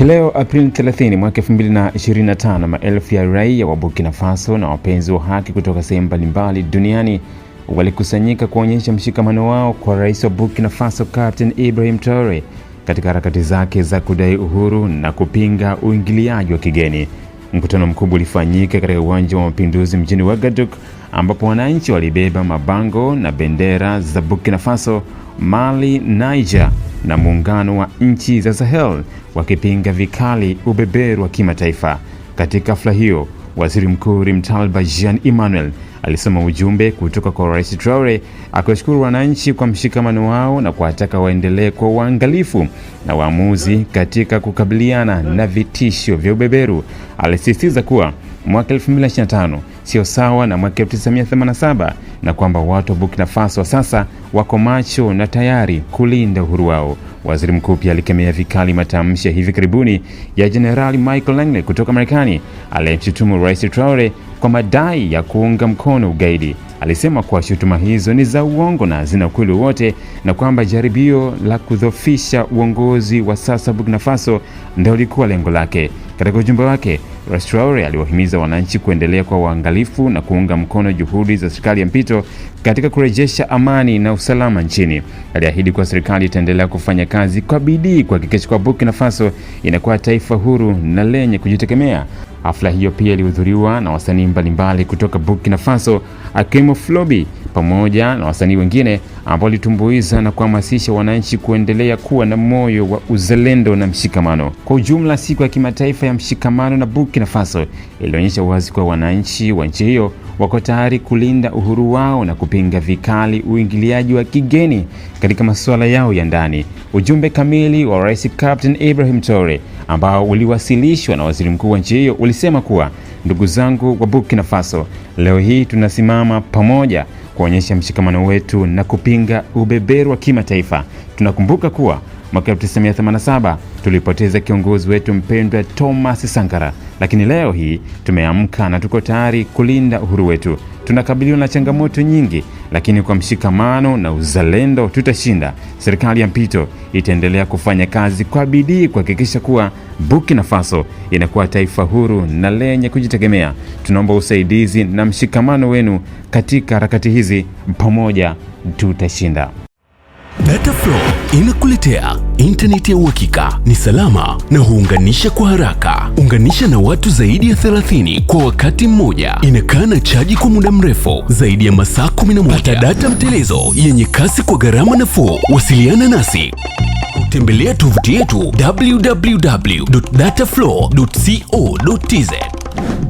Leo Aprili 30 mwaka 2025, maelfu ya raia wa Burkina Faso na wapenzi wa haki kutoka sehemu mbalimbali duniani walikusanyika kuonyesha mshikamano wao kwa Rais wa Burkina Faso Captain Ibrahim Traore katika harakati zake za kudai uhuru na kupinga uingiliaji wa kigeni. Mkutano mkubwa ulifanyika katika Uwanja wa Mapinduzi mjini wagaduk ambapo wananchi walibeba mabango na bendera za Burkina Faso, Mali, Niger na muungano wa nchi za Sahel wakipinga vikali ubeberu wa kimataifa. Katika hafla hiyo, Waziri Mkuu Rimtalba Jean Emmanuel alisoma ujumbe kutoka kwa Rais Traore akiwashukuru wananchi kwa mshikamano wao na kuwataka waendelee kwa uangalifu na waamuzi katika kukabiliana na vitisho vya ubeberu. Alisisitiza kuwa mwaka 2025 sio sawa na mwaka 1987 na kwamba watu wa Burkina Faso wa sasa wako macho na tayari kulinda uhuru wao. Waziri Mkuu pia alikemea vikali matamshi ya hivi karibuni ya Jenerali Michael Langley kutoka Marekani aliyemshutumu Rais Traore kwa madai ya kuunga mkono ugaidi. Alisema kuwa shutuma hizo ni za uongo na hazina ukweli wowote na kwamba jaribio la kudhoofisha uongozi wa sasa Burkina Faso ndio lilikuwa lengo lake. Katika ujumbe wake Rais Traore aliwahimiza wananchi kuendelea kwa uangalifu na kuunga mkono juhudi za serikali ya mpito katika kurejesha amani na usalama nchini. Aliahidi kuwa serikali itaendelea kufanya kazi kwa bidii kuhakikisha kuwa Burkina Faso inakuwa taifa huru na lenye kujitegemea. Hafla hiyo pia ilihudhuriwa na wasanii mbalimbali kutoka Burkina Faso akiwemo Flobi pamoja na wasanii wengine ambao walitumbuiza na kuhamasisha wananchi kuendelea kuwa na moyo wa uzalendo na mshikamano. Kwa ujumla, siku ya kimataifa ya mshikamano na Burkina Faso ilionyesha wazi kuwa wananchi wa nchi hiyo wako tayari kulinda uhuru wao na kupinga vikali uingiliaji wa kigeni katika masuala yao ya ndani. Ujumbe kamili wa Rais Captain Ibrahim Traore ambao uliwasilishwa na Waziri Mkuu wa nchi hiyo ulisema kuwa, ndugu zangu wa Burkina Faso, leo hii tunasimama pamoja kuonyesha mshikamano wetu na kupinga ubeberu wa kimataifa. Tunakumbuka kuwa mwaka 1987 tulipoteza kiongozi wetu mpendwa Thomas Sankara, lakini leo hii tumeamka na tuko tayari kulinda uhuru wetu. Tunakabiliwa na changamoto nyingi lakini kwa mshikamano na uzalendo tutashinda. Serikali ya mpito itaendelea kufanya kazi kwa bidii kuhakikisha kuwa Burkina Faso inakuwa taifa huru na lenye kujitegemea. Tunaomba usaidizi na mshikamano wenu katika harakati hizi, pamoja tutashinda. Dataflow inakuletea intaneti ya uhakika, ni salama na huunganisha kwa haraka. Unganisha na watu zaidi ya 30 kwa wakati mmoja. Inakaa na chaji kwa muda mrefu zaidi ya masaa 11. Pata data mtelezo yenye kasi kwa gharama nafuu. Wasiliana nasi kutembelea tovuti yetu www.dataflow.co.tz.